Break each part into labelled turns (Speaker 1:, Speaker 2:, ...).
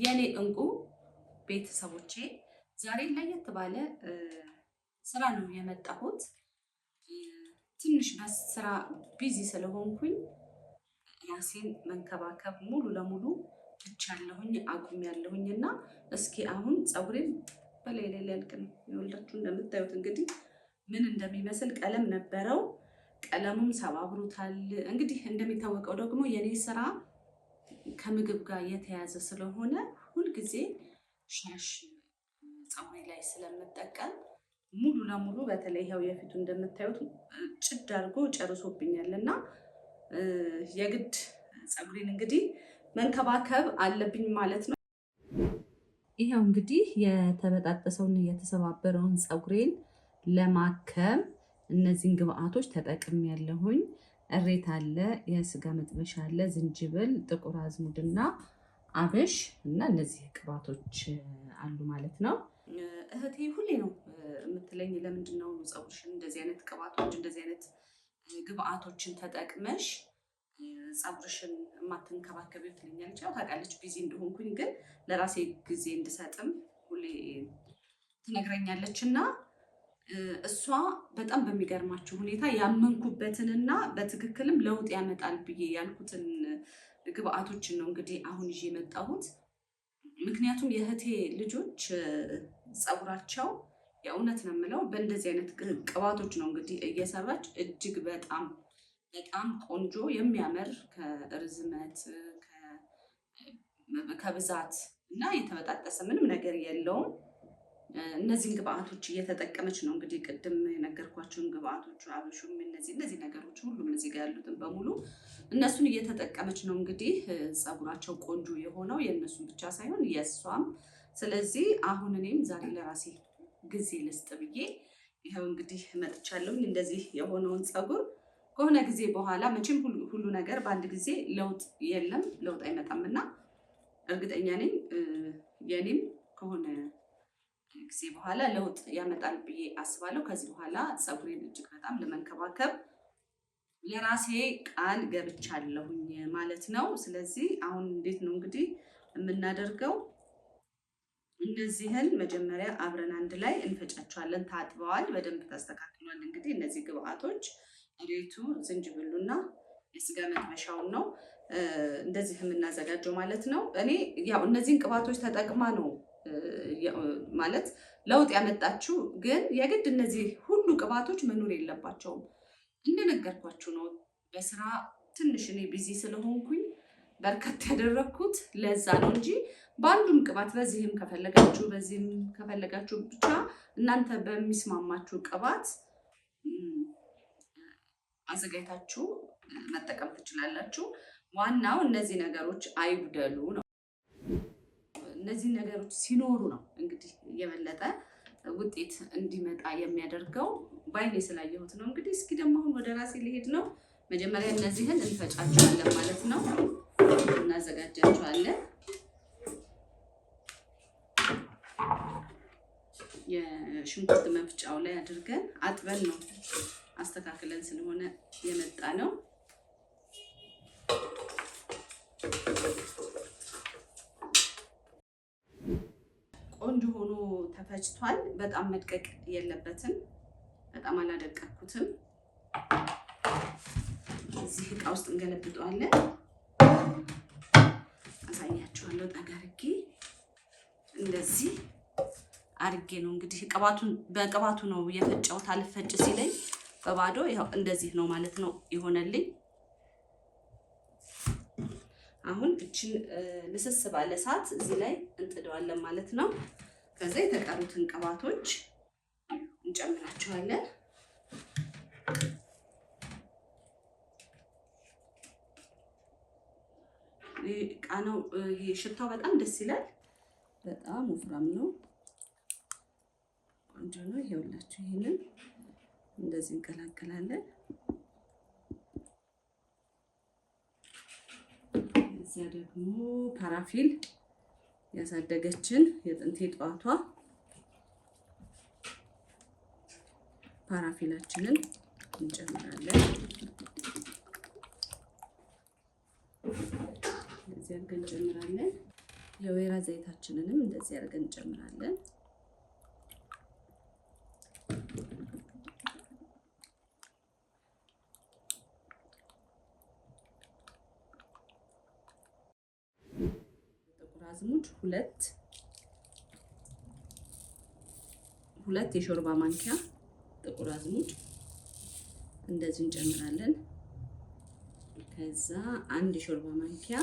Speaker 1: የኔ እንቁ ቤተሰቦቼ ዛሬ ለየት ባለ ስራ ነው የመጣሁት። ትንሽ በስራ ቢዚ ስለሆንኩኝ ራሴን መንከባከብ ሙሉ ለሙሉ ትቻለሁኝ ያለሁኝ እና እስኪ አሁን ፀጉሬን በላይ ላይ ሊያልቅ ነው። እንደምታዩት እንግዲህ ምን እንደሚመስል ቀለም ነበረው። ቀለሙም ሰባብሮታል። እንግዲህ እንደሚታወቀው ደግሞ የኔ ስራ ከምግብ ጋር የተያዘ ስለሆነ ሁልጊዜ ሻሽ ፀጉሬ ላይ ስለምጠቀም ሙሉ ለሙሉ በተለይ ያው የፊቱ እንደምታዩት ጭድ አድርጎ ጨርሶብኛል እና የግድ ፀጉሬን እንግዲህ መንከባከብ አለብኝ ማለት ነው። ይኸው እንግዲህ የተበጣጠሰውን የተሰባበረውን ፀጉሬን ለማከም እነዚህን ግብአቶች ያለሁኝ እሬት አለ፣ የስጋ መጥበሻ አለ፣ ዝንጅብል፣ ጥቁር አዝሙድና አብሽ እና እነዚህ ቅባቶች አሉ ማለት ነው።
Speaker 2: እህቴ ሁሌ ነው የምትለኝ ለምንድን ነው ፀጉርሽን እንደዚህ አይነት ቅባቶች እንደዚህ አይነት ግብአቶችን ተጠቅመሽ ፀጉርሽን የማትንከባከብ ትለኛለች። ያው ታውቃለች ቢዚ እንደሆንኩኝ፣ ግን ለራሴ ጊዜ እንድሰጥም ሁሌ ትነግረኛለች እና እሷ በጣም በሚገርማችሁ ሁኔታ ያመንኩበትንና በትክክልም ለውጥ ያመጣል ብዬ ያልኩትን ግብአቶችን ነው እንግዲህ አሁን ይዤ የመጣሁት። ምክንያቱም የእህቴ ልጆች ፀጉራቸው የእውነት ነው የምለው በእንደዚህ አይነት ቅባቶች ነው እንግዲህ እየሰራች እጅግ በጣም በጣም ቆንጆ የሚያምር ከርዝመት ከብዛት እና የተበጣጠሰ ምንም ነገር የለውም። እነዚህን ግብአቶች እየተጠቀመች ነው። እንግዲህ ቅድም የነገርኳቸውን ግብአቶቹ አብሹም፣ እነዚህ እነዚህ ነገሮች ሁሉም እዚህ ጋር ያሉትን በሙሉ እነሱን እየተጠቀመች ነው። እንግዲህ ፀጉራቸው ቆንጆ የሆነው የእነሱን ብቻ ሳይሆን የእሷም። ስለዚህ አሁን እኔም ዛሬ ለራሴ ጊዜ ልስጥ ብዬ ይኸው እንግዲህ መጥቻለሁ። እንደዚህ የሆነውን ፀጉር ከሆነ ጊዜ በኋላ መቼም ሁሉ ነገር በአንድ ጊዜ ለውጥ የለም፣ ለውጥ አይመጣምና እርግጠኛ ነኝ የእኔም ከሆነ ጊዜ በኋላ ለውጥ ያመጣል ብዬ አስባለሁ። ከዚህ በኋላ ፀጉሬን እጅግ በጣም ለመንከባከብ ለራሴ ቃል ገብቻለሁኝ ማለት ነው። ስለዚህ አሁን እንዴት ነው እንግዲህ የምናደርገው? እነዚህን መጀመሪያ አብረን አንድ ላይ እንፈጫቸዋለን። ታጥበዋል፣ በደንብ ተስተካክሏል። እንግዲህ እነዚህ ግብአቶች እሬቱ፣ ዝንጅብሉና የስጋ መጥበሻውን ነው እንደዚህ የምናዘጋጀው ማለት ነው። እኔ ያው እነዚህን ቅባቶች ተጠቅማ ነው ማለት ለውጥ ያመጣችው ግን የግድ እነዚህ ሁሉ ቅባቶች መኖር የለባቸውም። እንደነገርኳችሁ ነው። በስራ ትንሽ እኔ ቢዚ ስለሆንኩኝ በርከት ያደረግኩት ለዛ ነው እንጂ በአንዱም ቅባት በዚህም ከፈለጋችሁ በዚህም ከፈለጋችሁ ብቻ እናንተ በሚስማማችሁ ቅባት አዘጋጅታችሁ መጠቀም ትችላላችሁ። ዋናው እነዚህ ነገሮች አይጉደሉ ነው። እነዚህ ነገሮች ሲኖሩ ነው እንግዲህ የበለጠ ውጤት እንዲመጣ የሚያደርገው ባይኔ ስላየሁት ነው። እንግዲህ እስኪ ደግሞ አሁን ወደ ራሴ ሊሄድ ነው። መጀመሪያ እነዚህን እንፈጫቸዋለን ማለት ነው፣ እናዘጋጃቸዋለን። የሽንኩርት መፍጫው ላይ አድርገን አጥበን ነው አስተካክለን ስለሆነ የመጣ ነው። ቆንጆ ሆኖ ተፈጭቷል። በጣም መድቀቅ የለበትም። በጣም አላደቀኩትም። እዚህ እቃ ውስጥ እንገለብጠዋለን። አሳያችኋለሁ። ጠጋ አድርጌ እንደዚህ አድርጌ ነው እንግዲህ በቅባቱ ነው የፈጨሁት። አልፈጭ ሲለኝ በባዶ ይኸው እንደዚህ ነው ማለት ነው የሆነልኝ። አሁን እችን ልስስ ባለ ሰዓት እዚህ ላይ እንጥደዋለን ማለት ነው። ከዛ የተቀሩትን ቅባቶች እንጨምራቸዋለን። ቃናው ይሄ ሽታው በጣም ደስ ይላል። በጣም ወፍራም ነው፣ ቆንጆ ነው። ይሄውላችሁ ይሄንን እንደዚህ እንቀላቀላለን። እዚያ ደግሞ ፓራፊል ያሳደገችን የጥንቴ ጠዋቷ ፓራፊናችንን እንጨምራለን። እንደዚህ አድርገን እንጨምራለን። የወይራ ዘይታችንንም እንደዚህ አድርገን እንጨምራለን። አዝሙድ ሁለት ሁለት የሾርባ ማንኪያ ጥቁር አዝሙድ እንደዚህ እንጨምራለን። ከዛ አንድ የሾርባ ማንኪያ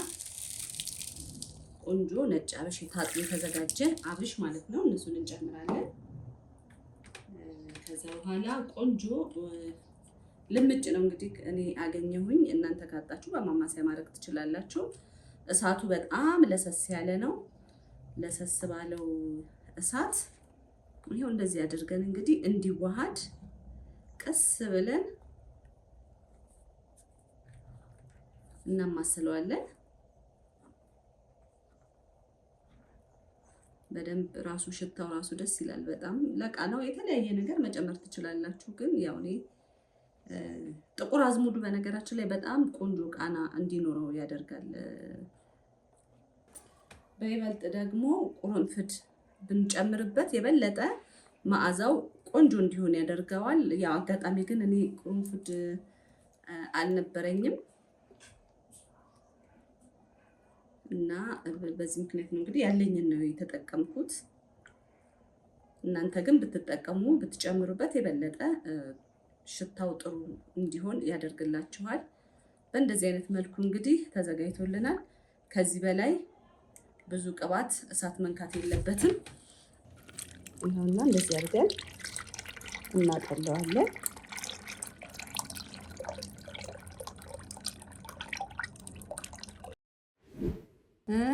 Speaker 2: ቆንጆ ነጭ አብሽ ታጥቦ የተዘጋጀ አብሽ ማለት ነው። እነሱን እንጨምራለን። ከዛ በኋላ ቆንጆ ልምጭ ነው እንግዲህ እኔ አገኘሁኝ። እናንተ ካጣችሁ በማማሰያ ማድረግ ትችላላችሁ። እሳቱ በጣም ለሰስ ያለ ነው። ለሰስ ባለው እሳት ይሄው እንደዚህ አድርገን እንግዲህ እንዲዋሃድ ቀስ ብለን እናማስለዋለን። በደንብ ራሱ ሽታው ራሱ ደስ ይላል። በጣም ነው። የተለያየ ነገር መጨመር ትችላላችሁ። ግን ያው እኔ ጥቁር አዝሙዱ በነገራችን ላይ በጣም ቆንጆ ቃና እንዲኖረው ያደርጋል። በይበልጥ ደግሞ ቁርንፍድ ብንጨምርበት የበለጠ መዓዛው ቆንጆ እንዲሆን ያደርገዋል። ያው አጋጣሚ ግን እኔ ቁርንፍድ አልነበረኝም እና በዚህ ምክንያት ነው እንግዲህ ያለኝን ነው የተጠቀምኩት። እናንተ ግን ብትጠቀሙ ብትጨምሩበት የበለጠ ሽታው ጥሩ እንዲሆን ያደርግላችኋል። በእንደዚህ አይነት መልኩ እንግዲህ ተዘጋጅቶልናል። ከዚህ በላይ ብዙ ቅባት እሳት መንካት የለበትም። ይኸውና እንደዚህ አድርገን እናጠለዋለን።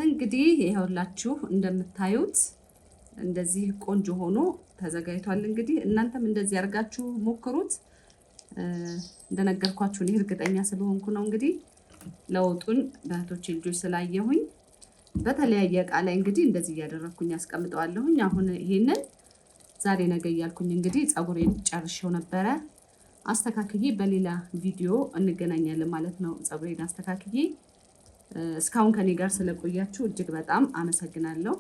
Speaker 2: እንግዲህ ይኸውላችሁ እንደምታዩት እንደዚህ ቆንጆ ሆኖ ተዘጋጅቷል። እንግዲህ እናንተም እንደዚህ አድርጋችሁ ሞክሩት። እንደነገርኳችሁ እኔ እርግጠኛ ስለሆንኩ ነው እንግዲህ ለውጡን በእህቶቼ ልጆች ስላየሁኝ በተለያየ እቃ ላይ እንግዲህ እንደዚህ እያደረግኩኝ ያስቀምጠዋለሁኝ። አሁን ይሄንን ዛሬ ነገ እያልኩኝ እንግዲህ ፀጉሬን ጨርሼው ነበረ አስተካክዬ በሌላ ቪዲዮ እንገናኛለን ማለት ነው። ፀጉሬን አስተካክዬ እስካሁን ከኔ ጋር ስለቆያችሁ እጅግ በጣም አመሰግናለሁ።